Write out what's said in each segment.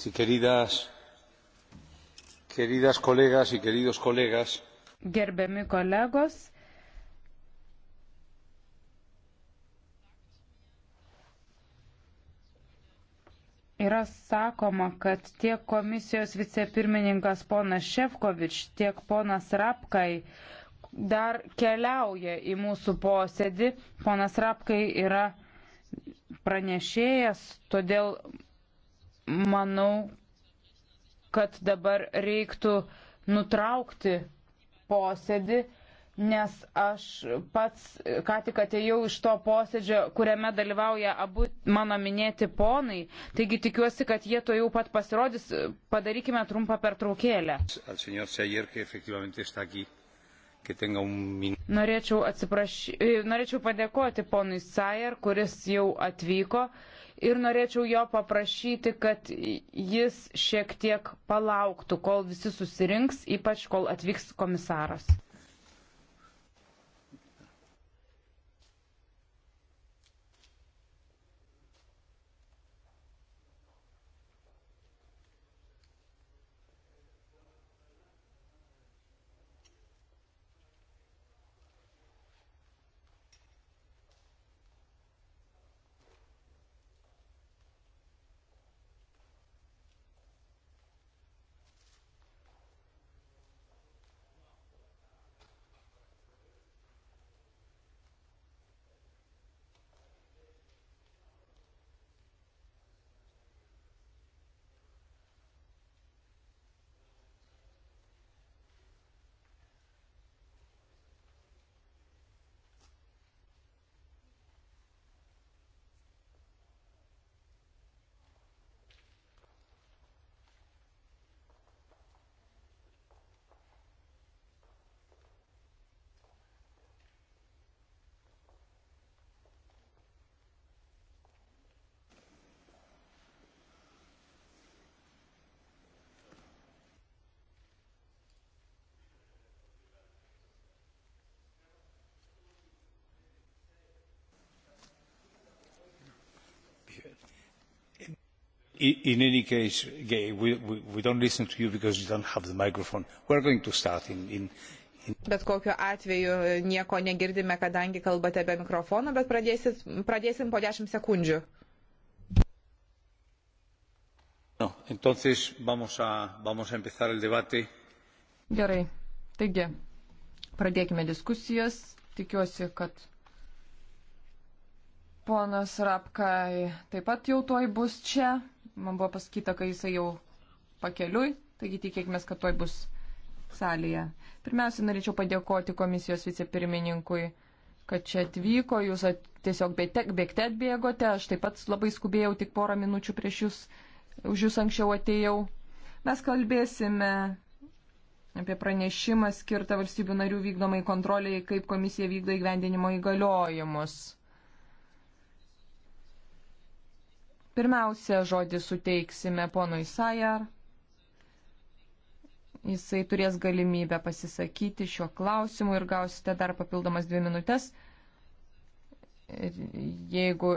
Si queridas, queridas kolegas y queridos kolegas. Gerbiami kolegos. Yra sakoma, kad tiek komisijos vicepirmininkas ponas Šefkovič, tiek ponas Rapkai dar keliauja į mūsų posėdį. Ponas Rapkai yra pranešėjas, todėl manau, kad dabar reiktų nutraukti posėdį, nes aš pats ką tik atėjau iš to posėdžio, kuriame dalyvauja abu mano minėti ponai, taigi tikiuosi, kad jie to jau pat pasirodys. Padarykime trumpą pertraukėlę. Norėčiau, atsipraš... E, norėčiau padėkoti ponui Sajer, kuris jau atvyko ir norėčiau jo paprašyti, kad jis šiek tiek palauktų, kol visi susirinks, ypač kol atvyks komisaras. in any case gay we, we, we don't listen to you because you don't have the microphone we're going to start in, in Bet kokiu atveju e, nieko negirdime, kadangi kalbate be mikrofono, bet pradėsit, pradėsim po 10 sekundžių. No, entonces vamos a, vamos a empezar el debate. Gerai, taigi, pradėkime diskusijas. Tikiuosi, kad ponas Rapkai taip pat jau toj bus čia. Man buvo pasakyta, kad jisai jau pakeliui, taigi tikėkime, kad toj bus salėje. Pirmiausia, norėčiau padėkoti komisijos vicepirmininkui, kad čia atvyko, jūs at, tiesiog bėgte atbėgote, aš taip pat labai skubėjau, tik porą minučių prieš jūs, už jūs anksčiau atėjau. Mes kalbėsime apie pranešimą skirtą valstybių narių vykdomai kontroliai, kaip komisija vykdo įgyvendinimo įgaliojimus. Pirmiausia, žodį suteiksime ponui Sajar. Jisai turės galimybę pasisakyti šiuo klausimu ir gausite dar papildomas dvi minutės. Jeigu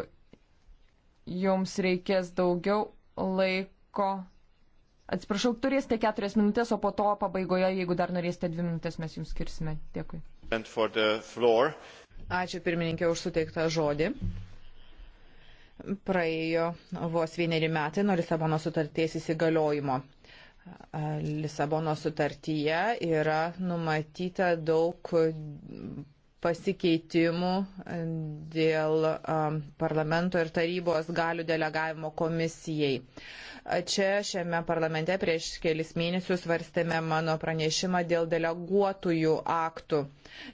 jums reikės daugiau laiko, atsiprašau, turėsite keturias minutės, o po to pabaigoje, jeigu dar norėsite dvi minutės, mes jums skirsime. Dėkui. Ačiū pirmininkė už suteiktą žodį. Praėjo vos vieneri metai nuo Lisabono sutarties įsigaliojimo. Lisabono sutartyje yra numatyta daug pasikeitimų e, dėl e, parlamento ir tarybos galių delegavimo komisijai. E, čia šiame parlamente prieš kelis mėnesius svarstėme mano pranešimą dėl deleguotųjų aktų.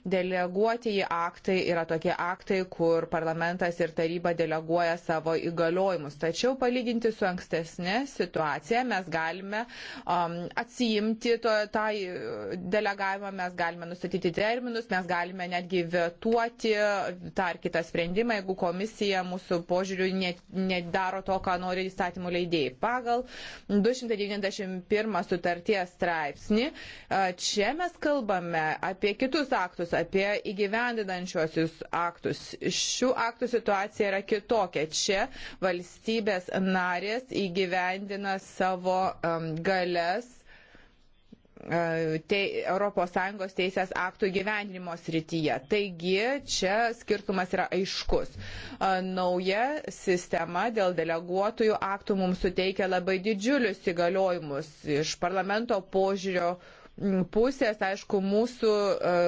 Deleguotieji aktai yra tokie aktai, kur parlamentas ir taryba deleguoja savo įgaliojimus. Tačiau palyginti su ankstesnė situacija mes galime um, atsijimti to, tą tai delegavimą, mes galime nustatyti terminus, mes galime netgi aiškiai vetuoti tą ar kitą sprendimą, jeigu komisija mūsų požiūriu nedaro to, ką nori įstatymų leidėjai. Pagal 291 sutarties straipsnį čia mes kalbame apie kitus aktus, apie įgyvendinančiosius aktus. Šių aktų situacija yra kitokia. Čia valstybės narės įgyvendina savo um, galės E, te, ES teisės aktų gyvenimo srityje. Taigi čia skirtumas yra aiškus. E, nauja sistema dėl deleguotojų aktų mums suteikia labai didžiulius įgaliojimus iš parlamento požiūrio pusės, aišku, mūsų e,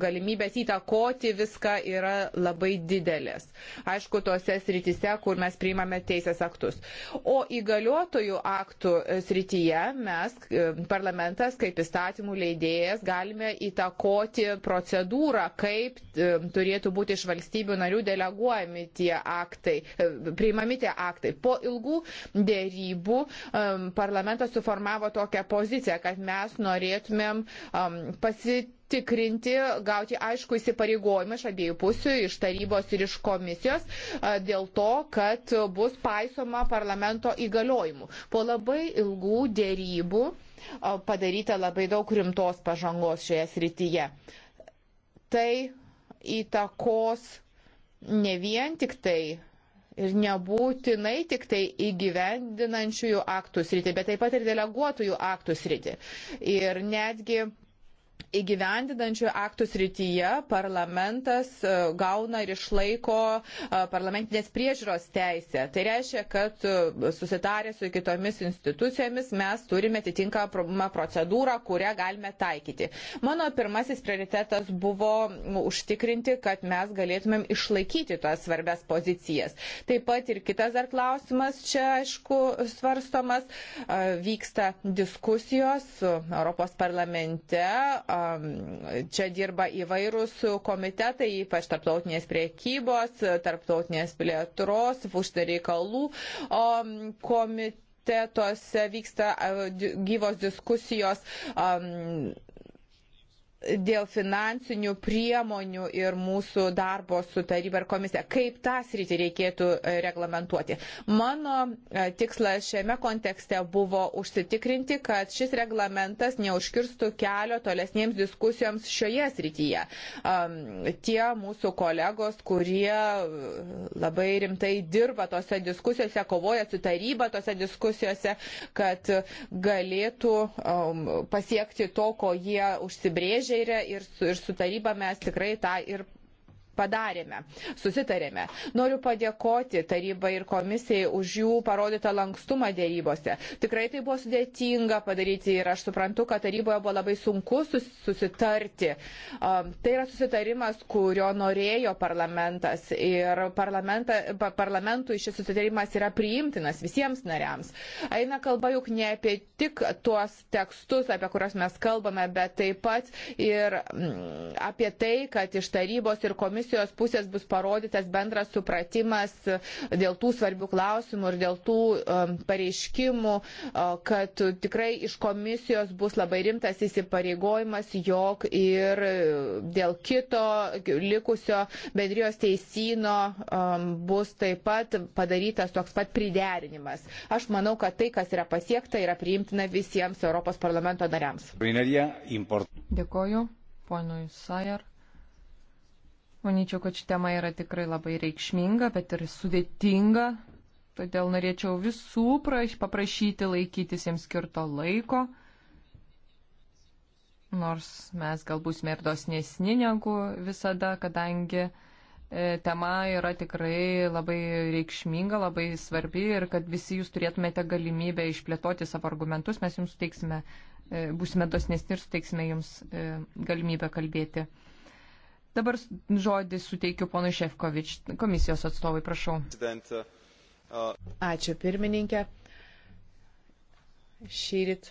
galimybės įtakoti viską yra labai didelės. Aišku, tose srityse, kur mes priimame teisės aktus. O įgaliotojų aktų e, srityje mes, e, parlamentas, kaip įstatymų leidėjas, galime įtakoti procedūrą, kaip turėtų būti iš valstybių narių deleguojami tie aktai, priimami tie aktai. Po ilgų dėrybų parlamentas suformavo tokią poziciją, kad mes norėtume galėtumėm um, pasitikrinti, gauti aišku įsipareigojimą iš abiejų pusių, iš tarybos ir iš komisijos, uh, dėl to, kad bus paisoma parlamento įgaliojimų. Po labai ilgų dėrybų uh, padaryta labai daug rimtos pažangos šioje srityje. Tai įtakos ne vien tik tai ir nebūtinai tik tai įgyvendinančiųjų aktų sritį, bet taip pat ir deleguotųjų aktų sritį. Ir netgi įgyvendinančių aktų srityje parlamentas e, gauna ir išlaiko e, parlamentinės priežiūros teisę. Tai reiškia, kad e, susitarę su kitomis institucijomis mes turime atitinkamą procedūrą, kurią galime taikyti. Mano pirmasis prioritetas buvo užtikrinti, kad mes galėtumėm išlaikyti tas svarbias pozicijas. Taip pat ir kitas dar klausimas čia, aišku, svarstomas. Vyksta diskusijos Europos parlamente Čia dirba įvairūs komitetai, ypač tarptautinės priekybos, tarptautinės plėtros, užsienio reikalų komitetai universitetuose vyksta gyvos diskusijos. Um, dėl finansinių priemonių ir mūsų darbo su taryba ir komisija, kaip tą sritį reikėtų e, reglamentuoti. Mano e, tikslas šiame kontekste buvo užsitikrinti, kad šis reglamentas neužkirstų kelio tolesniems diskusijoms šioje srityje. Tie mūsų kolegos, kurie e, labai rimtai dirba tose diskusijose, kovoja su taryba tose diskusijose, kad galėtų pasiekti to, ko jie užsibrėžė Alžyre ir su, ir su taryba mes tikrai tą ir padarėme, susitarėme. Noriu padėkoti tarybai ir komisijai už jų parodytą lankstumą dėrybose. Tikrai tai buvo sudėtinga padaryti ir aš suprantu, kad taryboje buvo labai sunku susitarti. Um, tai yra susitarimas, kurio norėjo parlamentas ir pa, parlamentui šis susitarimas yra priimtinas visiems nariams. Eina kalba juk ne apie tik tuos tekstus, apie kuriuos mes kalbame, bet taip pat ir mm, apie tai, kad iš tarybos ir komisijos komisijos pusės bus parodytas bendras supratimas dėl tų svarbių klausimų ir dėl tų um, pareiškimų, uh, kad tikrai iš komisijos bus labai rimtas įsipareigojimas, jog ir dėl kito likusio bendrijos teisino um, bus taip pat padarytas toks pat priderinimas. Aš manau, kad tai, kas yra pasiekta, yra priimtina visiems Europos parlamento nariams. Dėkoju, ponui Sajar. Manyčiau, kad ši tema yra tikrai labai reikšminga, bet ir sudėtinga. Todėl norėčiau visų praš, paprašyti laikytis jiems skirto laiko. Nors mes gal būsime ir dosnesni negu visada, kadangi e, tema yra tikrai labai reikšminga, labai svarbi ir kad visi jūs turėtumėte galimybę išplėtoti savo argumentus, mes jums suteiksime, e, būsime dosnesni ir suteiksime jums e, galimybę kalbėti. Dabar žodį suteikiu ponui Šefkovič, komisijos atstovai, prašau. Ačiū pirmininkė. Šyrit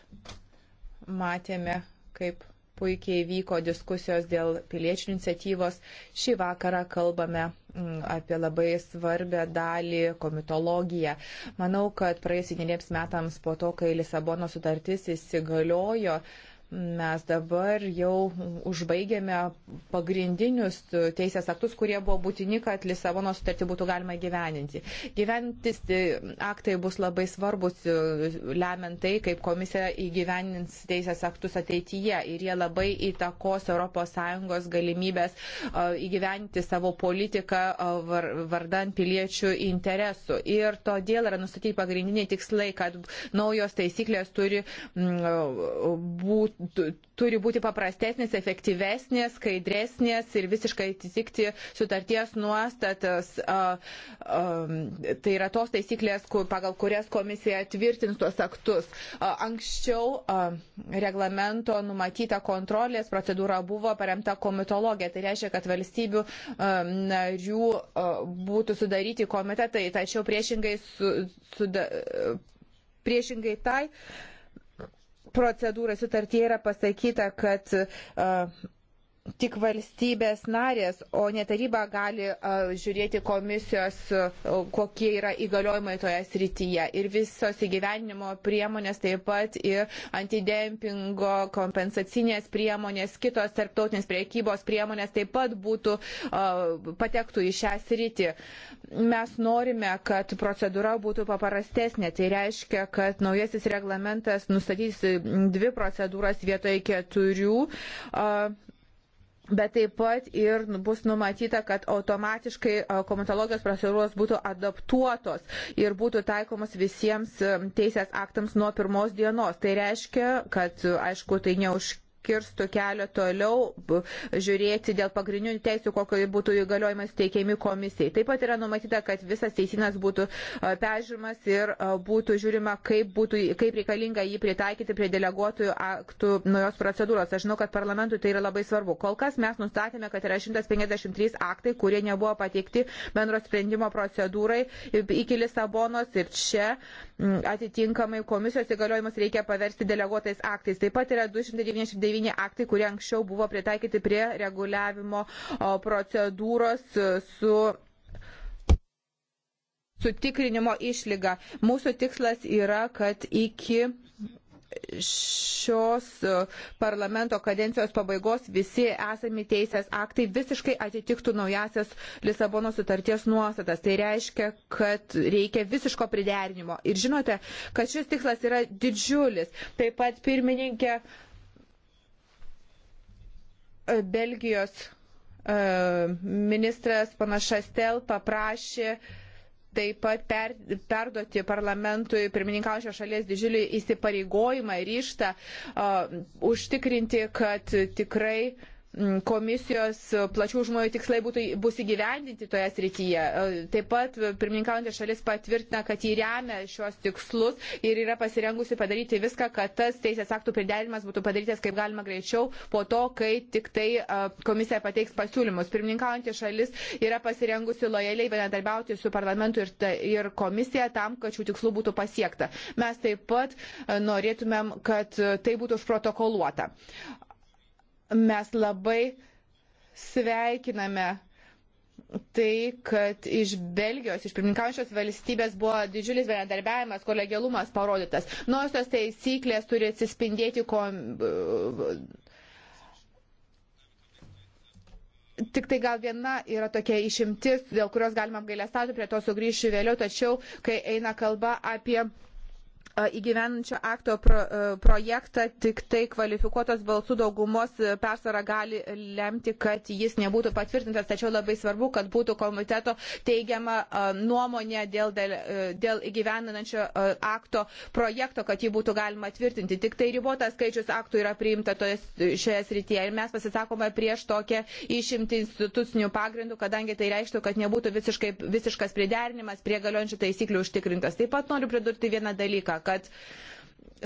matėme, kaip puikiai vyko diskusijos dėl piliečių iniciatyvos. Šį vakarą kalbame mm, apie labai svarbę dalį komitologiją. Manau, kad praėjus vieneriems metams po to, kai Lisabono sutartis įsigaliojo, uh, mes dabar jau užbaigėme pagrindinius teisės aktus, kurie buvo būtini, kad Lisabono sutartį būtų galima gyveninti. Gyventis e, aktai bus labai svarbus, e, lemiant tai, kaip komisija įgyvenins teisės aktus ateityje ir jie labai įtakos ES galimybės e, įgyventi savo politiką vardan piliečių interesų. Ir todėl yra nustatyti pagrindiniai tikslai, kad naujos taisyklės turi būti turi būti paprastesnės, efektyvesnės, skaidresnės ir visiškai atitikti sutarties nuostatas. Tai yra tos taisyklės, pagal kurias komisija tvirtins tuos aktus. Anksčiau reglamento numatyta kontrolės procedūra buvo paremta komitologija. Tai reiškia, kad valstybių narių būtų sudaryti komitetai, tačiau priešingai, su, suda, priešingai tai procedūrai sutartie yra pasakyta, kad uh, tik valstybės narės, o ne taryba gali uh, žiūrėti komisijos, uh, kokie yra įgaliojimai toje srityje. Ir visos įgyvenimo priemonės, taip pat ir antidempingo kompensacinės priemonės, kitos tarptautinės priekybos priemonės taip pat būtų, uh, patektų į šią sritį. Mes norime, kad procedūra būtų paprastesnė. Tai reiškia, kad naujasis reglamentas nustatys dvi procedūras vietoje keturių. Uh, bet taip pat ir bus numatyta, kad automatiškai e, komitologijos procedūros būtų adaptuotos ir būtų taikomos visiems e, teisės aktams nuo pirmos dienos. Tai reiškia, kad e, aišku, tai neužkirtų kirstų kelią toliau žiūrėti dėl pagrindinių teisų, kokio būtų įgaliojimai suteikiami komisijai. Taip pat yra numatyta, kad visas teisinas būtų pežiūrimas ir būtų žiūrima, kaip, būtų, kaip reikalinga jį pritaikyti prie deleguotojų aktų naujos procedūros. Aš žinau, kad parlamentui tai yra labai svarbu. Kol kas mes nustatėme, kad yra 153 aktai, kurie nebuvo pateikti bendro sprendimo procedūrai iki Lisabonos ir čia atitinkamai komisijos įgaliojimus reikia paversti deleguotais aktais. Taip pat yra 299 devyni aktai, kurie anksčiau buvo pritaikyti prie reguliavimo procedūros e, su sutikrinimo išlyga. Mūsų tikslas yra, kad iki šios e, parlamento kadencijos pabaigos visi esami teisės aktai visiškai atitiktų naujasias Lisabono sutarties nuostatas. Tai reiškia, kad reikia visiško priderinimo. Ir žinote, kad šis tikslas yra didžiulis. Taip pat pirmininkė Belgijos e, ministras Panašastel paprašė taip pat per, perduoti parlamentui pirmininkaujančios šalies didžiulį įsipareigojimą ir ištą uh, e, užtikrinti, kad tikrai uh, komisijos plačių žmonių tikslai būtų, bus įgyvendinti toje srityje. E, taip pat pirmininkaujantė šalis patvirtina, kad jį remia šios tikslus ir yra pasirengusi padaryti viską, kad tas teisės aktų priderinimas būtų padarytas kaip galima greičiau po to, kai tik tai e, komisija pateiks pasiūlymus. Pirmininkaujantė šalis yra pasirengusi lojaliai bendradarbiauti su parlamentu ir, ir komisija tam, kad šių tikslų būtų pasiekta. Mes taip pat e, norėtumėm, kad tai būtų užprotokoluota mes labai sveikiname tai, kad iš Belgijos, iš pirmininkaujančios valstybės buvo didžiulis bendradarbiavimas, kolegialumas parodytas. Nors tos taisyklės turi atsispindėti kom... Tik tai gal viena yra tokia išimtis, dėl kurios galima apgailestauti, prie to sugrįšiu vėliau, tačiau kai eina kalba apie įgyvenančio akto pro, projektą tik tai kvalifikuotos balsų daugumos persvara gali lemti, kad jis nebūtų patvirtintas, tačiau labai svarbu, kad būtų komiteto teigiama nuomonė dėl, dėl, dėl įgyvenančio akto projekto, kad jį būtų galima tvirtinti. Tik tai ribotas skaičius aktų yra priimta toje, šioje srityje ir mes pasisakome prieš tokią išimti institucinių pagrindų, kadangi tai reikštų, kad nebūtų visiškai, visiškas priderinimas prie galiojančių taisyklių užtikrintas. Taip pat noriu pridurti vieną dalyką kad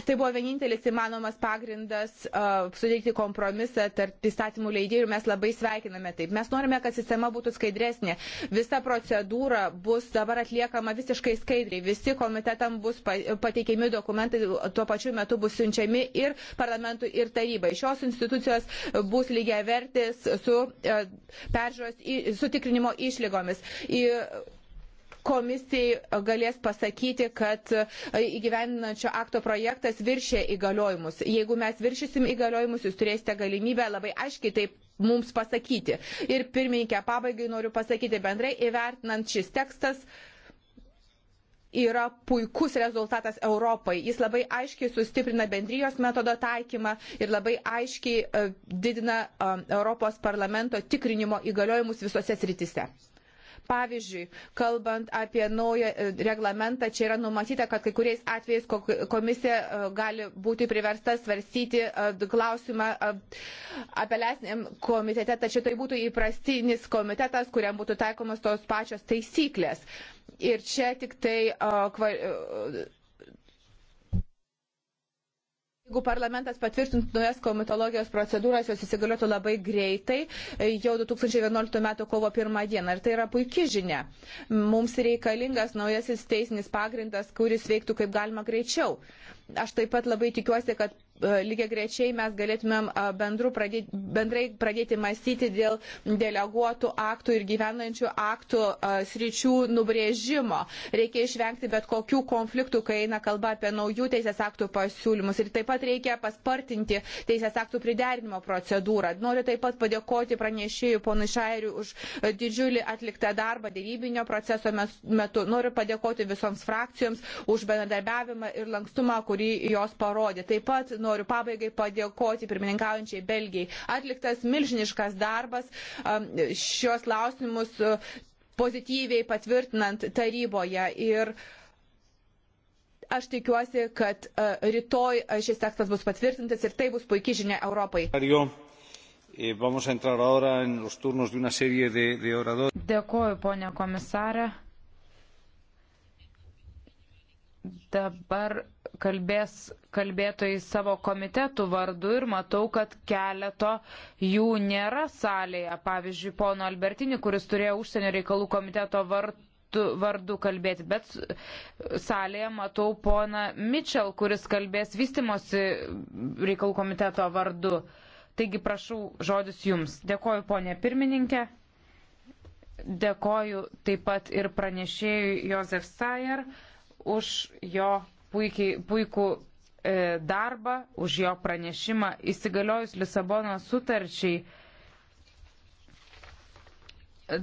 tai buvo vienintelis įmanomas pagrindas uh, suteikti kompromisą tarp įstatymų leidėjų ir mes labai sveikiname taip. Mes norime, kad sistema būtų skaidresnė. Visa procedūra bus dabar atliekama visiškai skaidriai. Visi komitetam bus pateikiami dokumentai, tuo pačiu metu bus siunčiami ir parlamentui, ir tarybai. Šios institucijos bus lygiai vertis su uh, peržiūros, su tikrinimo išlygomis. I, komisijai galės pasakyti, kad įgyvendinančio akto projektas viršė įgaliojimus. Jeigu mes viršysim įgaliojimus, jūs turėsite galimybę labai aiškiai taip mums pasakyti. Ir pirmininkė, pabaigai noriu pasakyti bendrai, įvertinant šis tekstas, yra puikus rezultatas Europai. Jis labai aiškiai sustiprina bendrijos metodo taikymą ir labai aiškiai e, didina e, Europos parlamento tikrinimo įgaliojimus visose sritise. Pavyzdžiui, kalbant apie naują e, reglamentą, čia yra numatyta, kad kai kuriais atvejais komisija e, gali būti priversta svarstyti e, klausimą apeliaciniam komitete, tačiau tai būtų įprastinis komitetas, kuriam būtų taikomas tos pačios taisyklės. Ir čia tik tai uh, kva, uh, Jeigu parlamentas patvirtintų naujas komitologijos procedūras, jos įsigaliotų labai greitai, e, jau 2011 m. kovo 1 dieną. Ir tai yra puikia žinia. Mums reikalingas naujasis teisinis pagrindas, kuris veiktų kaip galima greičiau. Aš taip pat labai tikiuosi, kad E, lygiai grečiai mes galėtumėm e, pradėti, bendrai pradėti mąstyti dėl deleguotų aktų ir gyvenančių aktų e, sričių nubrėžimo. Reikia išvengti bet kokių konfliktų, kai eina kalba apie naujų teisės aktų pasiūlymus. Ir taip pat reikia paspartinti teisės aktų priderinimo procedūrą. Noriu taip pat padėkoti pranešėjui ponui Šairiui už didžiulį atliktą darbą dėrybinio proceso metu. Noriu padėkoti visoms frakcijoms už bendradarbiavimą ir lankstumą, kurį jos parodė. Taip pat noriu noriu pabaigai padėkoti pirmininkaujančiai Belgijai. Atliktas milžiniškas darbas um, šios klausimus uh, pozityviai patvirtinant taryboje. Ir aš tikiuosi, kad uh, rytoj uh, šis tekstas bus patvirtintas ir tai bus puikia žinia Europai. Eh, Dėkuoju, ponė komisarė. Dabar kalbės kalbėtojai savo komitetų vardu ir matau, kad keleto jų nėra salėje. Pavyzdžiui, pono Albertini, kuris turėjo užsienio reikalų komiteto vardu vardu kalbėti, bet salėje matau poną Mitchell, kuris kalbės vystimosi reikalų komiteto vardu. Taigi prašau žodis jums. Dėkoju, ponė pirmininkė. Dėkoju taip pat ir pranešėjui Josef Sayer už jo puikiai, puikų e, darbą, už jo pranešimą. Įsigaliojus Lisabono sutarčiai,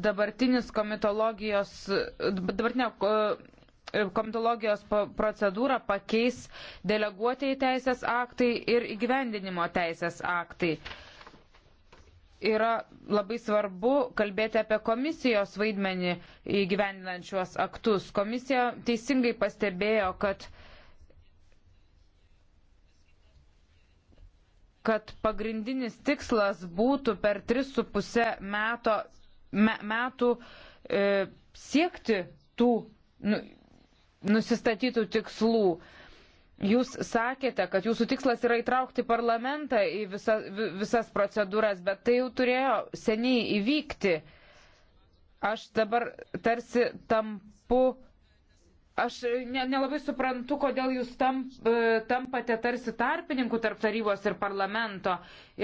dabartinis komitologijos, dabartinio e, komitologijos procedūrą pakeis deleguotieji teisės aktai ir įgyvendinimo teisės aktai yra labai svarbu kalbėti apie komisijos vaidmenį įgyvendinant šiuos aktus. Komisija teisingai pastebėjo, kad uh, kad pagrindinis tikslas būtų per 3,5 meto, me, metų e, siekti tų nu, nusistatytų tikslų. Jūs sakėte, kad jūsų tikslas yra įtraukti parlamentą į visa, visas procedūras, bet tai jau turėjo seniai įvykti. Aš dabar tarsi tampu Aš e, ne, nelabai suprantu, kodėl jūs tam, e, tampate tarsi tarpininkų tarp tarybos ir parlamento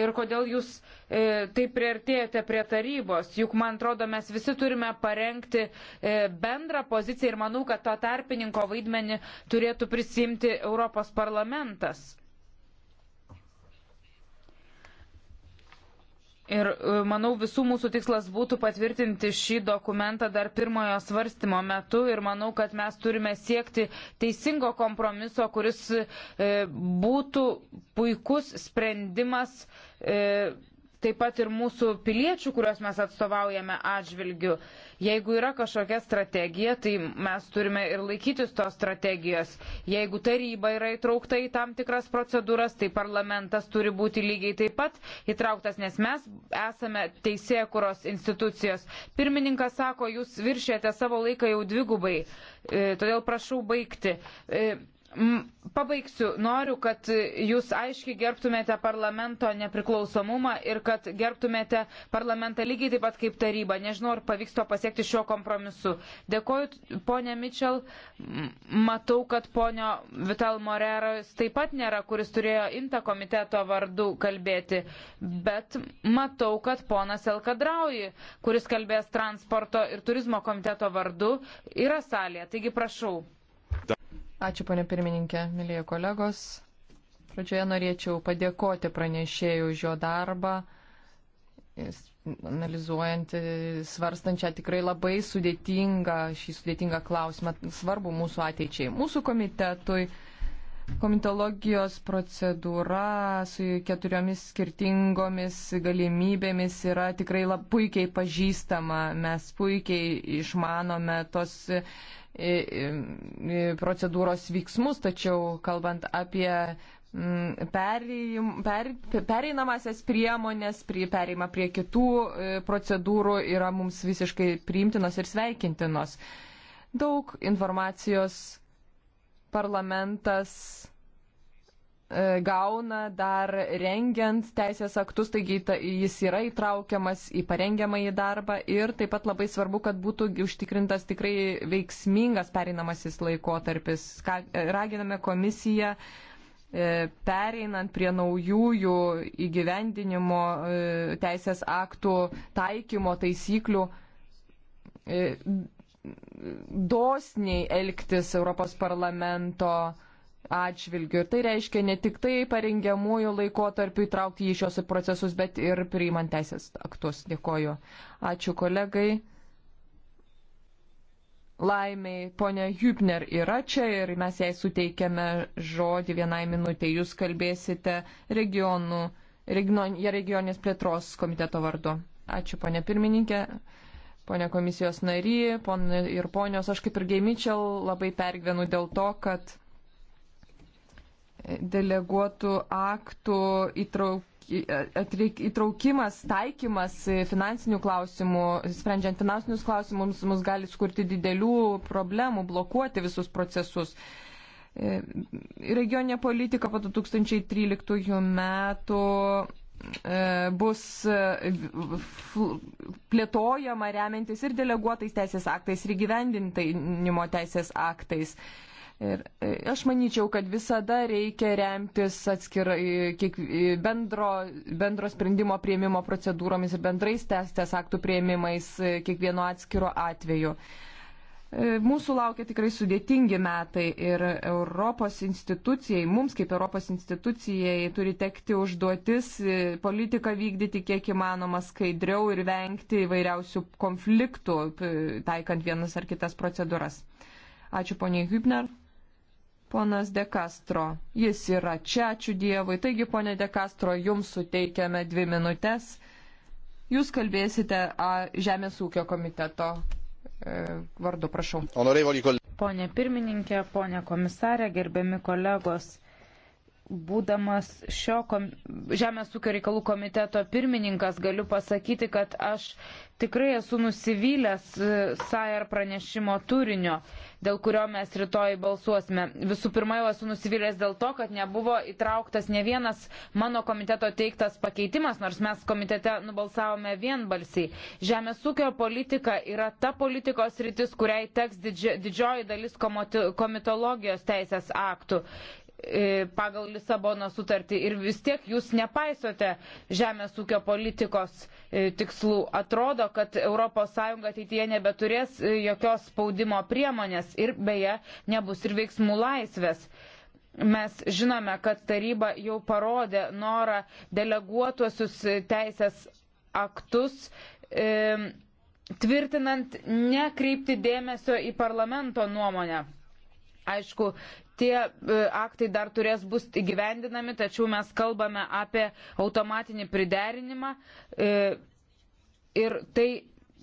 ir kodėl jūs e, taip priartėjote prie tarybos. Juk, man atrodo, mes visi turime parengti e, bendrą poziciją ir manau, kad to tarpininko vaidmenį turėtų prisimti Europos parlamentas. Ir e, manau visų mūsų tikslas būtų patvirtinti šį dokumentą dar pirmojo svarstymo metu ir manau, kad mes turime siekti teisingo kompromiso, kuris e, būtų puikus sprendimas. E, taip pat ir mūsų piliečių, kuriuos mes atstovaujame atžvilgiu. E, Jeigu yra kažkokia strategija, tai mes turime ir laikytis tos strategijos. Jeigu taryba yra įtraukta į tam tikras procedūras, tai parlamentas turi būti lygiai taip pat įtrauktas, nes mes esame teisėkuros institucijos. Pirmininkas sako, jūs viršėte savo laiką jau dvigubai, e, todėl prašau baigti. E, Pabaigsiu. Noriu, kad jūs aiškiai gerbtumėte parlamento nepriklausomumą ir kad gerbtumėte parlamentą lygiai taip pat kaip taryba. Nežinau, ar pavyks to pasiekti šiuo kompromisu. Dėkoju, ponė Mitchell. Matau, kad ponio Vital Moreras taip pat nėra, kuris turėjo imta komiteto vardu kalbėti. Bet matau, kad ponas Elkadrauji, kuris kalbės transporto ir turizmo komiteto vardu, yra salėje. Taigi prašau. Ačiū, ponė pirmininkė, mėlyje kolegos. Pradžioje norėčiau padėkoti pranešėjų už jo darbą, analizuojant, svarstant čia tikrai labai sudėtingą, šį sudėtingą klausimą, svarbu mūsų ateičiai, mūsų komitetui. Komitologijos procedūra su keturiomis skirtingomis galimybėmis yra tikrai labai puikiai pažįstama. Mes puikiai išmanome tos procedūros veiksmus, tačiau kalbant apie mm, pereinamasias priemonės, prie, pereima prie kitų e, procedūrų yra mums visiškai priimtinos ir sveikintinos. Daug informacijos parlamentas E, gauna dar rengiant teisės aktus, taigi jis yra įtraukiamas į parengiamąjį darbą ir taip pat labai svarbu, kad būtų užtikrintas tikrai veiksmingas pereinamasis laikotarpis. E, raginame komisiją e, pereinant prie naujųjų įgyvendinimo teisės aktų taikymo taisyklių dosniai elgtis Europos parlamento atžvilgių. Ir tai reiškia ne tik tai parengiamųjų laikotarpių įtraukti į šios procesus, bet ir priimant teisės aktus. Dėkoju. Ačiū kolegai. Laimiai, ponia Hübner yra čia ir mes jai suteikėme žodį vienai minutė. Jūs kalbėsite regionų, region, regionės plėtros komiteto vardu. Ačiū, ponia pirmininkė. Pone komisijos nary, pon ir ponios, aš kaip ir Geimičiau labai pergyvenu dėl to, kad deleguotų aktų įtraukti įtraukimas, taikymas finansinių klausimų, sprendžiant finansinius klausimus, mus gali skurti didelių problemų, blokuoti visus procesus. E, regioninė politika po 2013 metų e, bus e, plėtojama remiantis ir deleguotais teisės aktais, ir gyvendintainimo teisės aktais. Ir e, aš manyčiau, kad visada reikia remtis atskirai e, kiek, e, bendro, bendro sprendimo prieimimo procedūromis ir bendrais testės aktų prieimimais kiekvieno atskiro atveju. Mūsų laukia tikrai sudėtingi metai ir Europos institucijai, mums kaip Europos institucijai turi tekti užduotis politiką vykdyti kiek įmanoma skaidriau ir vengti įvairiausių konfliktų, taikant vienas ar kitas procedūras. Ačiū poniai Hübner. Ponas De Castro, jis yra čia, ačiū Dievui. Taigi, ponė De Castro, jums suteikiame dvi minutės. Jūs kalbėsite a, Žemės ūkio komiteto e, vardu, prašau. Ponė pirmininkė, ponė komisarė, gerbiami kolegos būdamas šio kom... Žemės ūkio reikalų komiteto pirmininkas, galiu pasakyti, kad aš tikrai esu nusivylęs e, SAER pranešimo turinio, dėl kurio mes rytoj balsuosime. Visų pirma, jau esu nusivylęs dėl to, kad nebuvo įtrauktas ne vienas mano komiteto teiktas pakeitimas, nors mes komitete nubalsavome vienbalsiai. Žemės ūkio politika yra ta politikos rytis, kuriai teks didžioji dalis komitologijos teisės aktų. E, pagal Lisabono sutartį ir vis tiek jūs nepaisote žemės ūkio politikos e, tikslų. Atrodo, kad ES ateityje nebeturės e, jokios spaudimo priemonės ir beje nebus ir veiksmų laisvės. Mes žinome, kad taryba jau parodė norą deleguotuosius teisės aktus. E, tvirtinant nekreipti dėmesio į parlamento nuomonę. Aišku, tie e, aktai dar turės bus įgyvendinami, tačiau mes kalbame apie automatinį priderinimą e, ir tai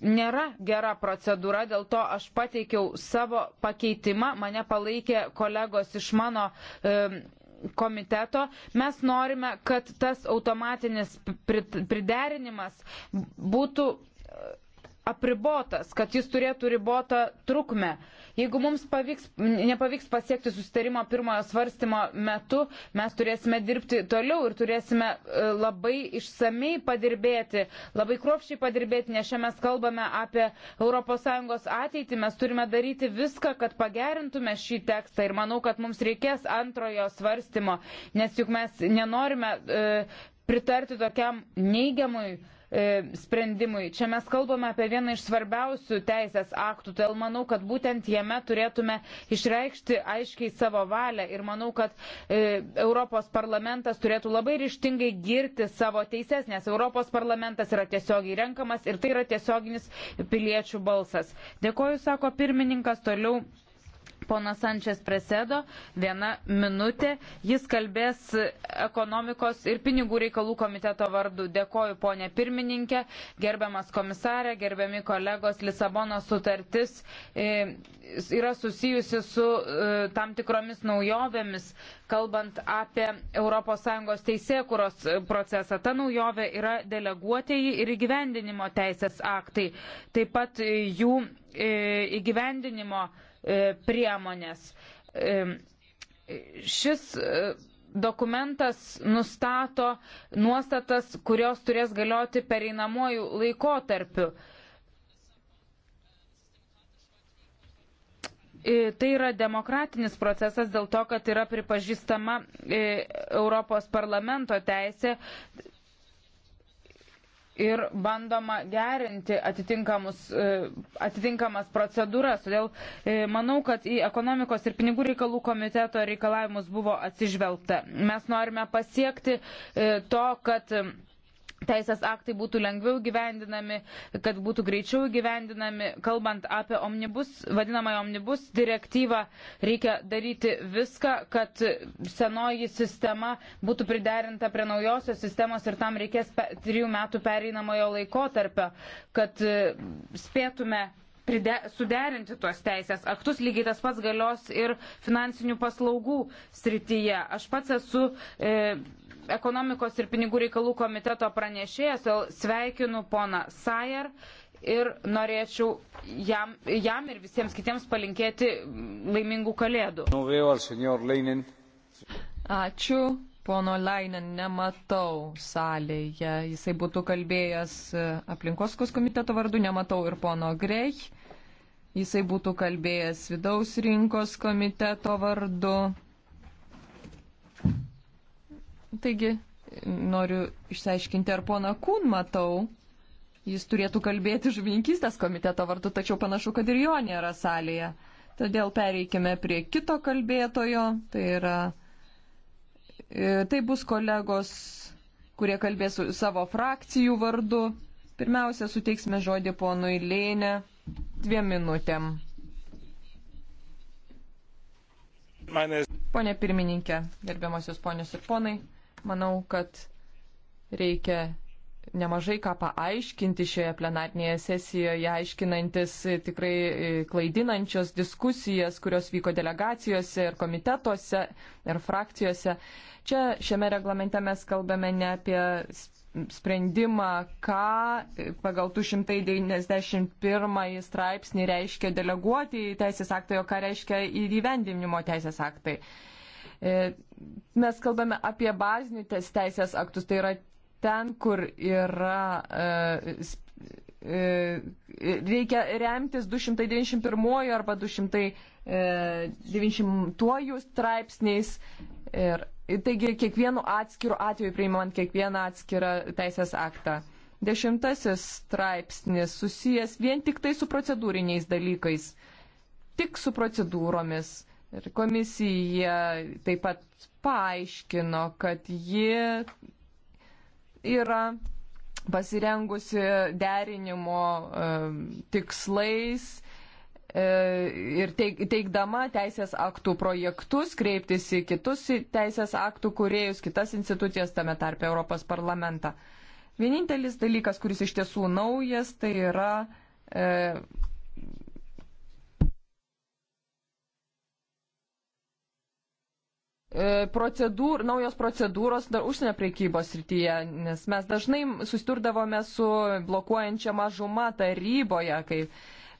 nėra gera procedūra, dėl to aš pateikiau savo pakeitimą, mane palaikė kolegos iš mano e, komiteto, mes norime, kad tas automatinis priderinimas būtų apribotas, kad jis turėtų ribotą trukmę. Jeigu mums pavyks, nepavyks pasiekti susitarimo pirmojo svarstymo metu, mes turėsime dirbti toliau ir turėsime e, labai išsamei padirbėti, labai kruopščiai padirbėti, nes čia mes kalbame apie ES ateitį, mes turime daryti viską, kad pagerintume šį tekstą ir manau, kad mums reikės antrojo svarstymo, nes juk mes nenorime e, pritarti tokiam neigiamui E, sprendimui. Čia mes kalbame apie vieną iš svarbiausių teisės aktų, todėl manau, kad būtent jame turėtume išreikšti aiškiai savo valią ir manau, kad e, Europos parlamentas turėtų labai ryštingai girti savo teises, nes Europos parlamentas yra tiesiogiai renkamas ir tai yra tiesioginis piliečių balsas. Dėkoju, sako pirmininkas, toliau Ponas Sančias Presedo, viena minutė. Jis kalbės ekonomikos ir pinigų reikalų komiteto vardu. Dėkoju, ponė pirmininkė, gerbiamas komisarė, gerbiami kolegos. Lisabono sutartis e, yra susijusi su e, tam tikromis naujovėmis, kalbant apie ES teisėkuros procesą. Ta naujovė yra deleguotieji ir įgyvendinimo teisės aktai. Taip pat e, jų įgyvendinimo teisės aktai E, priemonės. E, šis e, dokumentas nustato nuostatas, kurios turės galioti pereinamojų laikotarpių. Tai yra demokratinis procesas dėl to, kad yra pripažįstama Europos parlamento teisė ir bandoma gerinti e, atitinkamas procedūras. Todėl e, manau, kad į ekonomikos ir pinigų reikalų komiteto reikalavimus buvo atsižvelgta. Mes norime pasiekti e, to, kad teisės aktai būtų lengviau gyvendinami, kad būtų greičiau gyvendinami. Kalbant apie omnibus, vadinamąją omnibus direktyvą, reikia daryti viską, kad senoji sistema būtų priderinta prie naujosios sistemos ir tam reikės trijų metų pereinamojo laikotarpio, kad e, spėtume pride, suderinti tuos teisės aktus, lygiai tas pats galios ir finansinių paslaugų srityje. Aš pats esu e, ekonomikos ir pinigų reikalų komiteto pranešėjas, sveikinu poną Sajer ir norėčiau jam, jam ir visiems kitiems palinkėti laimingų kalėdų. Nu, Ačiū, pono Lainen nematau salėje. Jisai būtų kalbėjęs e, aplinkoskos komiteto vardu, nematau ir pono Grech. Jisai būtų kalbėjęs vidaus rinkos komiteto vardu. Taigi, noriu išsiaiškinti, ar pona Kūn matau. Jis turėtų kalbėti žuvininkystės komiteto vardu, tačiau panašu, kad ir jo nėra salėje. Todėl pereikime prie kito kalbėtojo. Tai yra. E, tai bus kolegos, kurie kalbės savo frakcijų vardu. Pirmiausia, suteiksime žodį ponui Lėnė dviem minutėm. Pone pirmininkė, gerbiamosios ponios ir ponai. Manau, kad reikia nemažai ką paaiškinti šioje plenarnėje sesijoje, aiškinantis tikrai klaidinančios diskusijas, kurios vyko delegacijose ir komitetuose ir frakcijose. Čia šiame reglamente mes kalbame ne apie sprendimą, ką pagal 291 straipsnį reiškia deleguoti į teisės aktai, o ką reiškia įgyvendinimo teisės aktai. E, mes kalbame apie bazinių teisės aktus, tai yra ten, kur yra. E, e, reikia remtis 291 arba 290 straipsniais. Ir, taigi kiekvienu atskiru atveju priimant kiekvieną atskirą teisės aktą. Dešimtasis straipsnis susijęs vien tik tai su procedūriniais dalykais. Tik su procedūromis Ir komisija taip pat paaiškino, kad ji yra pasirengusi derinimo tikslais e, ir teikdama teisės aktų projektus, kreiptis į kitus teisės aktų kuriejus, kitas institucijas, tame tarpe Europos parlamentą. Vienintelis dalykas, kuris iš tiesų naujas, tai yra e, E, procedūr, naujos procedūros dar užsienio priekybos rytyje, nes mes dažnai susidurdavome su blokuojančia mažuma taryboje, kai,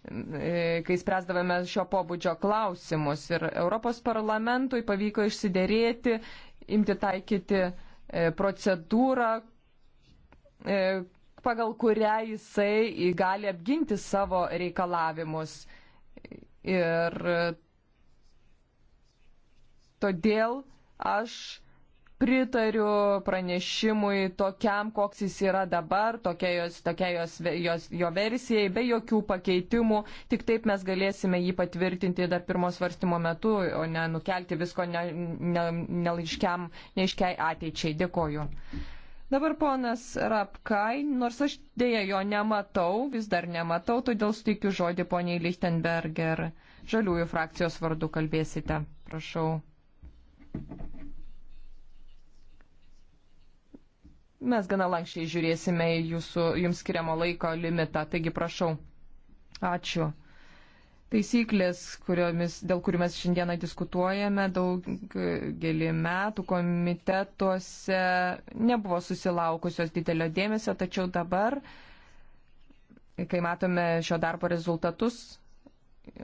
e, kai spręsdavome šio pobūdžio klausimus. Ir Europos parlamentui pavyko išsiderėti, imti taikyti e, procedūrą, pagal kurią jisai gali apginti savo reikalavimus. Ir Todėl aš pritariu pranešimui tokiam, koks jis yra dabar, tokia, jos, tokia jos, jos, jo versijai, be jokių pakeitimų. Tik taip mes galėsime jį patvirtinti dar pirmo svarstymo metu, o ne nukelti visko nelaiškiam, ne, ne neaiškiai ateičiai. Dėkoju. Dabar ponas Rapkai, nors aš dėja jo nematau, vis dar nematau, todėl suteikiu žodį poniai Lichtenberger. Žaliųjų frakcijos vardu kalbėsite. Prašau. Mes gana lankščiai žiūrėsime į jūsų, jums skiriamo laiko limitą, taigi prašau. Ačiū. Taisyklės, kuriomis, dėl kurių mes šiandieną diskutuojame, daugelį metų komitetuose nebuvo susilaukusios didelio dėmesio, tačiau dabar, kai matome šio darbo rezultatus,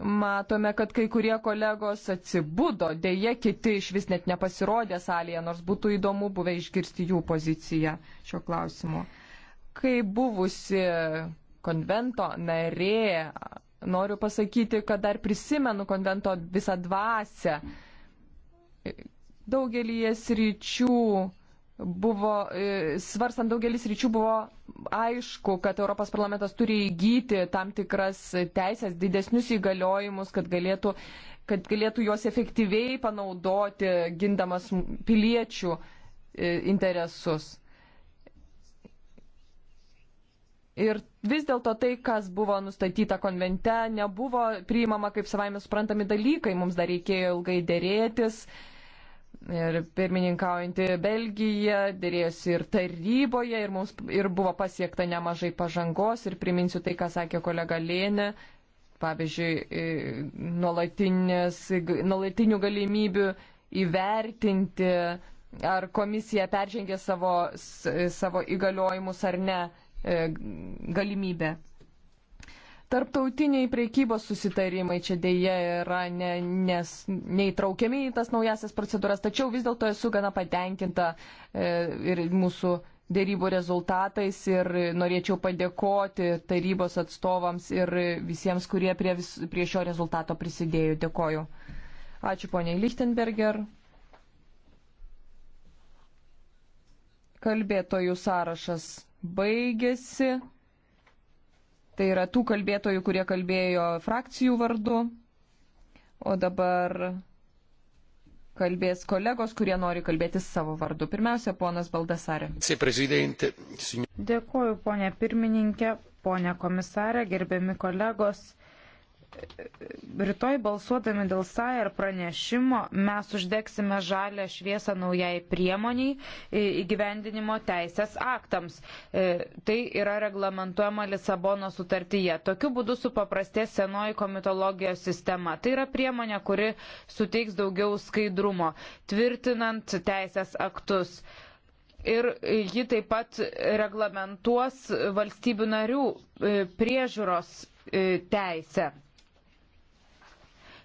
matome, kad kai kurie kolegos atsibudo, dėje kiti iš vis net nepasirodė salėje, nors būtų įdomu buvę išgirsti jų poziciją šio klausimu. Kai buvusi konvento narė, noriu pasakyti, kad dar prisimenu konvento visą dvasę. Daugelį sričių buvo, e, svarstant daugelis ryčių, buvo aišku, kad Europos parlamentas turi įgyti tam tikras teisės, didesnius įgaliojimus, kad galėtų, kad galėtų juos efektyviai panaudoti, gindamas piliečių e, interesus. Ir vis dėlto tai, kas buvo nustatyta konvente, nebuvo priimama kaip savaime suprantami dalykai, mums dar reikėjo ilgai dėrėtis, uh, Ir pirmininkaujanti Belgija dėrėjosi ir taryboje, ir, mums, ir buvo pasiekta nemažai pažangos. Ir priminsiu tai, ką sakė kolega Lėnė, pavyzdžiui, nuolatinių galimybių įvertinti, ar komisija peržengė savo, savo įgaliojimus ar ne e, galimybę. Tarptautiniai priekybos susitarimai čia dėja yra ne, nes, neįtraukiami į tas naujasias procedūras, tačiau vis dėlto esu gana patenkinta e, ir mūsų dėrybų rezultatais ir norėčiau padėkoti tarybos atstovams ir visiems, kurie prie, vis, prie šio rezultato prisidėjo. Dėkoju. Ačiū poniai Lichtenberger. Kalbėtojų sąrašas baigėsi. Tai yra tų kalbėtojų, kurie kalbėjo frakcijų vardu. O dabar kalbės kolegos, kurie nori kalbėti savo vardu. Pirmiausia, ponas Baldasarė. Dėkuoju, ponė pirmininkė, ponė komisarė, gerbiami kolegos rytoj balsuodami dėl SAIR pranešimo mes uždegsime žalę šviesą naujai priemoniai įgyvendinimo teisės aktams. E, tai yra reglamentuojama Lisabono sutartyje. Tokiu būdu supaprastės senoji komitologijos sistema. Tai yra priemonė, kuri suteiks daugiau skaidrumo, tvirtinant teisės aktus ir ji taip pat reglamentuos valstybių narių e, priežiūros e, teisę.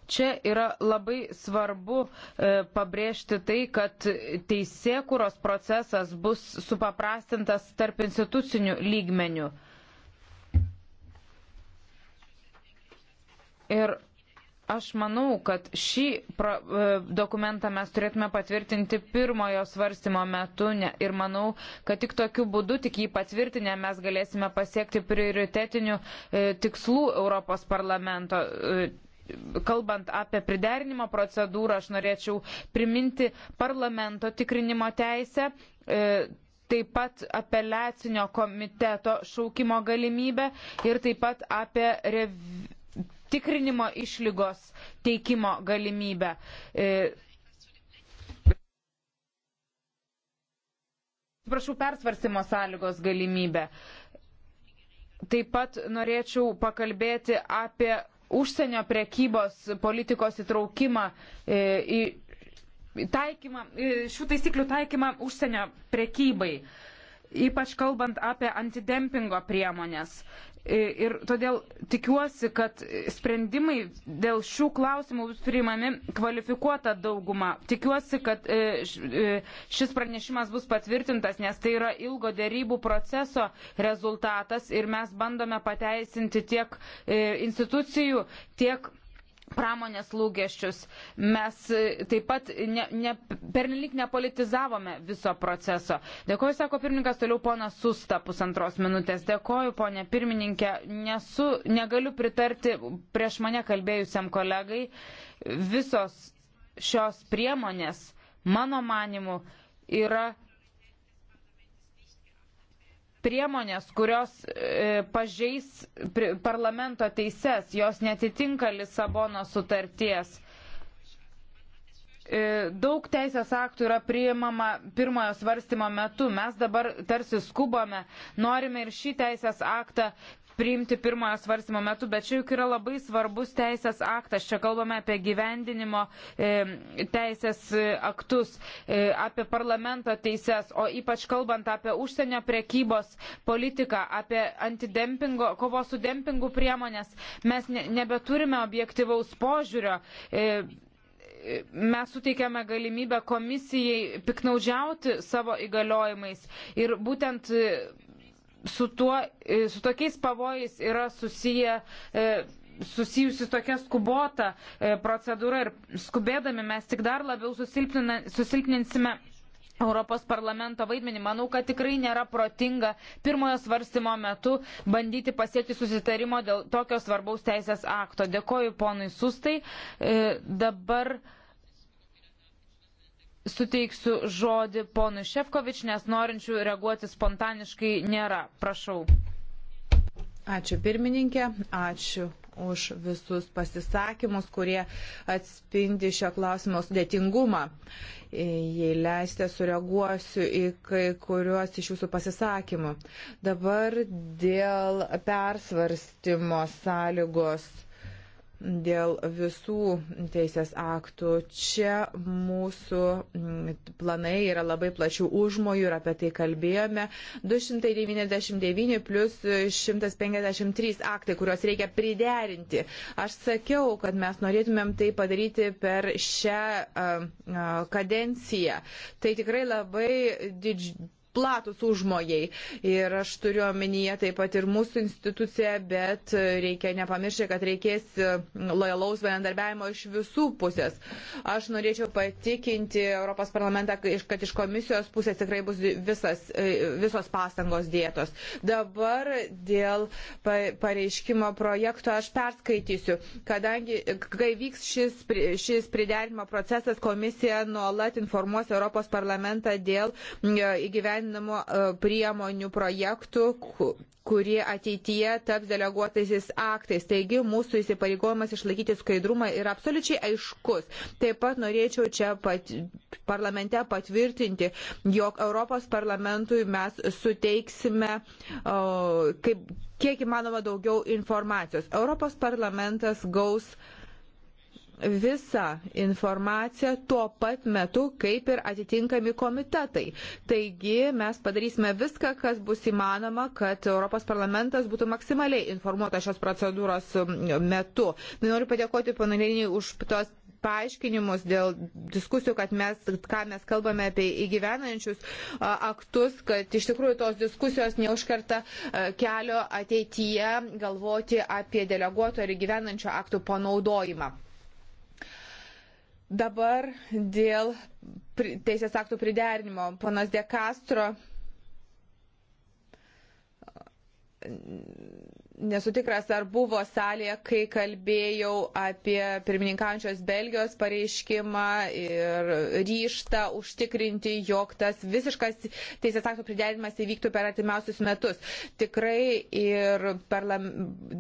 Čia yra labai svarbu e, pabrėžti tai, kad teisėkuros procesas bus supaprastintas tarp institucinių lygmenių. Ir Aš manau, kad šį pra, e, dokumentą mes turėtume patvirtinti pirmojo svarstymo metu ne, ir manau, kad tik tokiu būdu, tik jį patvirtinę, mes galėsime pasiekti prioritetinių e, tikslų Europos parlamento. E, kalbant apie priderinimo procedūrą, aš norėčiau priminti parlamento tikrinimo teisę. E, taip pat apeliacinio komiteto šaukimo galimybę ir taip pat apie rev... tikrinimo išlygos teikimo galimybę. E, Prašau, persvarsimo sąlygos galimybę. Taip pat norėčiau pakalbėti apie užsienio prekybos politikos įtraukimą e, į taikymą, šių taisyklių taikymą užsienio prekybai, ypač kalbant apie antidempingo priemonės. E, ir todėl tikiuosi, kad sprendimai dėl šių klausimų bus priimami kvalifikuota dauguma. Tikiuosi, kad e, e, šis pranešimas bus patvirtintas, nes tai yra ilgo dėrybų proceso rezultatas ir mes bandome pateisinti tiek institucijų, tiek pramonės lūkesčius. Mes e, taip pat ne, ne, pernelik nepolitizavome viso proceso. Dėkoju, sako pirmininkas, toliau pona Susta pusantros minutės. Dėkoju, ponė pirmininkė, nesu, negaliu pritarti prieš mane kalbėjusiam kolegai. Visos šios priemonės, mano manimu, yra priemonės, kurios e, pažeis pri, parlamento teises, jos netitinka Lisabono sutarties. E, daug teisės aktų yra priimama pirmojo svarstymo metu. Mes dabar tarsi skubame, norime ir šį teisės aktą priimti pirmojo svarstymo metu, bet čia juk yra labai svarbus teisės aktas. Čia kalbame apie gyvendinimo e, teisės e, aktus, e, apie parlamento teises, o ypač kalbant apie užsienio prekybos politiką, apie antidempingo, kovos su dempingu priemonės, mes ne, nebeturime objektivaus požiūrio. E, mes suteikiame galimybę komisijai piknaudžiauti savo įgaliojimais ir būtent su, tuo, e, su tokiais pavojais yra susiję. E, susijusi tokia skubota e, procedūra ir skubėdami mes tik dar labiau susilpninsime Europos parlamento vaidmenį. Manau, kad tikrai nėra protinga pirmojo svarstymo metu bandyti pasiekti susitarimo dėl tokio svarbaus teisės akto. Dėkoju ponui Sustai. E, dabar suteiksiu žodį ponui Šefkovič, nes norinčių reaguoti spontaniškai nėra. Prašau. Ačiū pirmininkė, ačiū už visus pasisakymus, kurie atspindi šio klausimo sudėtingumą. Jei leistė, sureaguosiu į kai kuriuos iš jūsų pasisakymų. Dabar dėl persvarstymo sąlygos dėl visų teisės aktų. Čia mūsų mm, planai yra labai plačių užmojų ir apie tai kalbėjome. 299 plus 153 aktai, kuriuos reikia priderinti. Aš sakiau, kad mes norėtumėm tai padaryti per šią kadenciją. Tai tikrai labai didž platus užmojai. Ir aš turiu omenyje taip pat ir mūsų instituciją, bet reikia nepamiršti, kad reikės lojalaus bendarbiavimo iš visų pusės. Aš norėčiau patikinti Europos parlamentą, kad iš komisijos pusės tikrai bus visas, e, visos pastangos dėtos. Dabar dėl pareiškimo projekto aš perskaitysiu, kadangi kai vyks šis, šis priderimo procesas, komisija nuolat informuos Europos parlamentą dėl įgyvenimo gyvenimo e, priemonių projektų, kurie ateityje taps deleguotaisiais aktais. Taigi mūsų įsipareigojimas išlaikyti skaidrumą yra absoliučiai aiškus. Taip pat norėčiau čia pat, parlamente patvirtinti, jog Europos parlamentui mes suteiksime o, kaip, kiek įmanoma daugiau informacijos. Europos parlamentas gaus uh, visą informaciją tuo pat metu, kaip ir atitinkami komitetai. Taigi mes padarysime viską, kas bus įmanoma, kad Europos parlamentas būtų maksimaliai informuotas šios procedūros um, metu. Noriu padėkoti panaliniai už tos paaiškinimus dėl diskusijų, kad mes, ką mes kalbame apie įgyvenančius aktus, kad iš tikrųjų tos diskusijos neužkerta kelio ateityje galvoti apie deleguoto ir įgyvenančio aktų panaudojimą. Dabar dėl teisės aktų priderinimo. Ponas De Castro nesu tikras, ar buvo salėje, kai kalbėjau apie pirmininkančios Belgijos pareiškimą ir ryštą užtikrinti, jog tas visiškas teisės aktų pridėdimas įvyktų per artimiausius metus. Tikrai ir, parlam,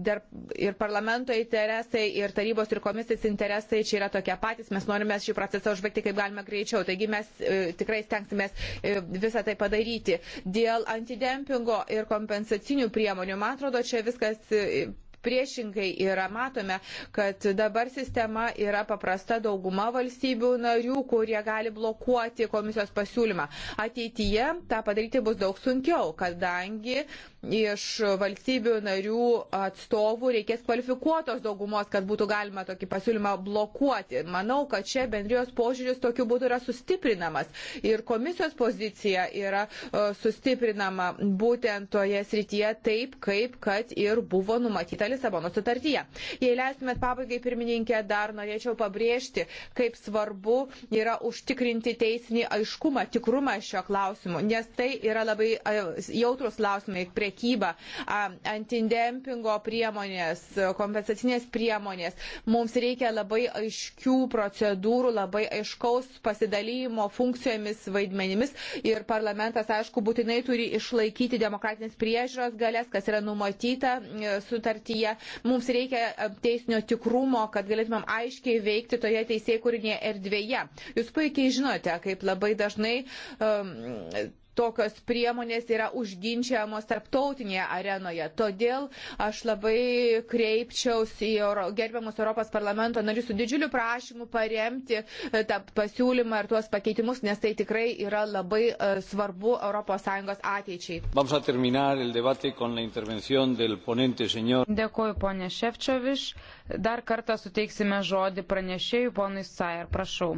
der, ir parlamento interesai, ir tarybos ir komisijos interesai čia yra tokie patys. Mes norime šį procesą užbaigti kaip galima greičiau. Taigi mes e, tikrai stengsimės e, visą tai padaryti. Dėl antidempingo ir kompensacinių priemonių, man atrodo, čia viskas viskas e, priešingai yra. Matome, kad dabar sistema yra paprasta dauguma valstybių narių, kurie gali blokuoti komisijos pasiūlymą. Ateityje tą padaryti bus daug sunkiau, kadangi iš valstybių narių atstovų reikės kvalifikuotos daugumos, kad būtų galima tokį pasiūlymą blokuoti. Manau, kad čia bendrijos požiūris tokiu būdu yra sustiprinamas ir komisijos pozicija yra e, sustiprinama būtent toje srityje taip, kaip kad ir buvo numatyta Lisabono sutartyje. Jei leistumėt pabaigai pirmininkė, dar norėčiau pabrėžti, kaip svarbu yra užtikrinti teisinį aiškumą, tikrumą šio klausimu, nes tai yra labai e, jautrus klausimai prie priekybą, antidempingo priemonės, kompensacinės priemonės. Mums reikia labai aiškių procedūrų, labai aiškaus pasidalymo funkcijomis, vaidmenimis ir parlamentas, aišku, būtinai turi išlaikyti demokratinės priežiūros galės, kas yra numatyta e, sutartyje. Mums reikia e, teisinio tikrumo, kad galėtumėm aiškiai veikti toje teisėje kūrinėje erdvėje. Jūs puikiai žinote, kaip labai dažnai um, tokios priemonės yra užginčiamos tarptautinėje arenoje. Todėl aš labai kreipčiausi į Euro, gerbiamus Europos parlamento narius su didžiuliu prašymu paremti e, tą pasiūlymą ir tuos pakeitimus, nes tai tikrai yra labai e, svarbu ES ateičiai. Dėkuoju, ponė Šefčioviš. Dar kartą suteiksime žodį pranešėjui, ponui Sajer. Prašau.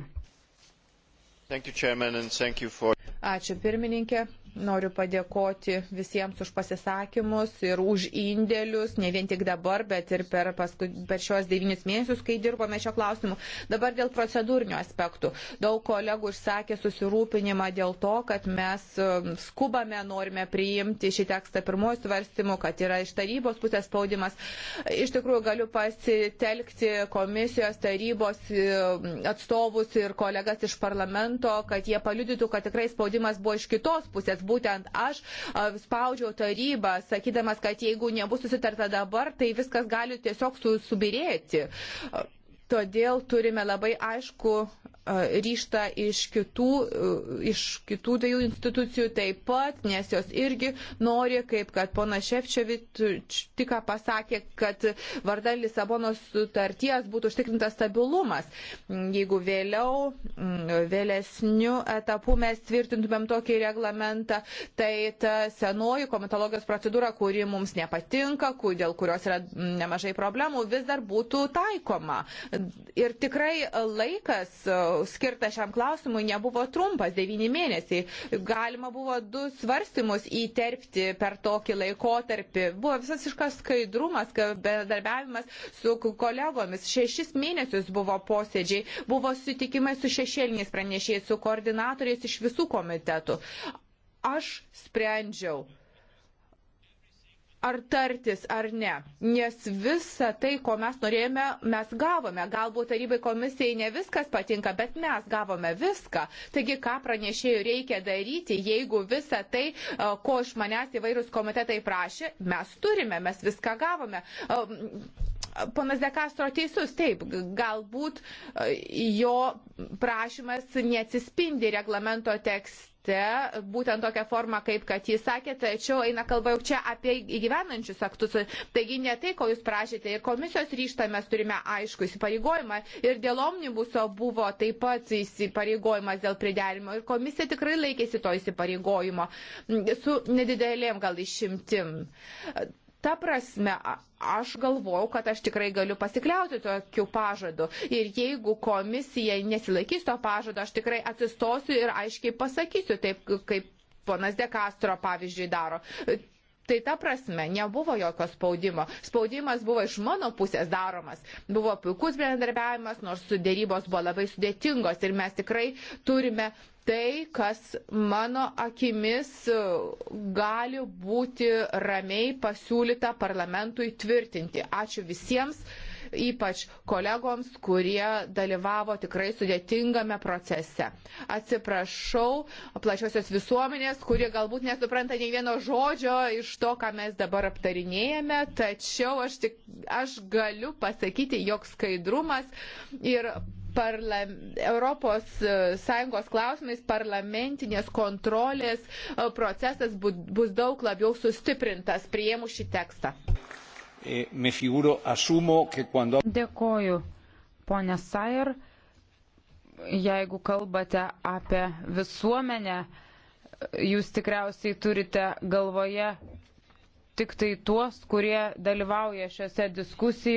Ačiū pirmininkė, Noriu padėkoti visiems už pasisakymus ir už indėlius, ne vien tik dabar, bet ir per, paskui, per šios devynis mėnesius, kai dirbome šio klausimu. Dabar dėl procedūrinių aspektų. Daug kolegų išsakė susirūpinimą dėl to, kad mes um, skubame, norime priimti šį tekstą pirmojų svarstymų, kad yra iš tarybos pusės spaudimas. Iš tikrųjų, galiu pasitelkti komisijos, tarybos um, atstovus ir kolegas iš parlamento, kad jie paliudytų, kad tikrai spaudimas buvo iš kitos pusės būtent aš spaudžiau tarybą, sakydamas, kad jeigu nebus susitarta dabar, tai viskas gali tiesiog su, subirėti. Todėl turime labai aišku ryštą iš kitų, e, iš kitų dviejų institucijų taip pat, nes jos irgi nori, kaip kad pona Šefčevit tik pasakė, kad vardan Lisabonos sutarties būtų užtikrintas stabilumas. Jeigu vėliau, vėlesniu etapu mes tvirtintumėm tokį reglamentą, tai ta senoji komitologijos procedūra, kuri mums nepatinka, dėl kurios yra nemažai problemų, vis dar būtų taikoma. Ir tikrai laikas skirtas šiam klausimui nebuvo trumpas - devyni mėnesiai. Galima buvo du svarstymus įterpti per tokį laikotarpį. Buvo visiškas skaidrumas, bendarbiavimas su kolegomis. Šešis mėnesius buvo posėdžiai, buvo sutikimai su šešėliniais pranešėjais, su koordinatoriais iš visų komitetų. Aš sprendžiau ar tartis ar ne. Nes visa tai, ko mes norėjome, mes gavome. Galbūt tarybai komisijai ne viskas patinka, bet mes gavome viską. Taigi, ką pranešėjų reikia daryti, jeigu visa tai, e, ko iš manęs įvairūs komitetai prašė, mes turime, mes viską gavome. E, ponas Dekastro teisus, taip, galbūt e, jo prašymas neatsispindi reglamento tekste akte, būtent tokią formą, kaip kad jis sakė, tačiau eina kalba jau čia apie įgyvenančius aktus. Taigi ne tai, ko jūs prašėte ir komisijos ryštą mes turime aišku įsipareigojimą ir dėl omnibuso buvo taip pat įsipareigojimas dėl priderimo ir komisija tikrai laikėsi to įsipareigojimo su nedidelėm gal išimtim ta prasme, aš galvojau, kad aš tikrai galiu pasikliauti tokiu pažadu. Ir jeigu komisija nesilaikys to pažado, aš tikrai atsistosiu ir aiškiai pasakysiu, taip kaip ponas De Castro pavyzdžiui daro. Tai ta prasme, nebuvo jokio spaudimo. Spaudimas buvo iš mano pusės daromas. Buvo puikus bendradarbiavimas, nors sudėrybos buvo labai sudėtingos ir mes tikrai turime tai, kas mano akimis e, gali būti ramiai pasiūlyta parlamentui tvirtinti. Ačiū visiems ypač kolegoms, kurie dalyvavo tikrai sudėtingame procese. Atsiprašau plačiosios visuomenės, kurie galbūt nesupranta nei vieno žodžio iš to, ką mes dabar aptarinėjame, tačiau aš, tik, aš galiu pasakyti, jog skaidrumas ir parlam, ES e, klausimais parlamentinės kontrolės e, procesas bus daug labiau sustiprintas prieimu šį tekstą. Eh, me figuro, asumo, que cuando... Dėkoju, ponė Sair. Jeigu kalbate apie visuomenę, jūs tikriausiai turite galvoje tik tai tuos, kurie dalyvauja šiuose diskusijose.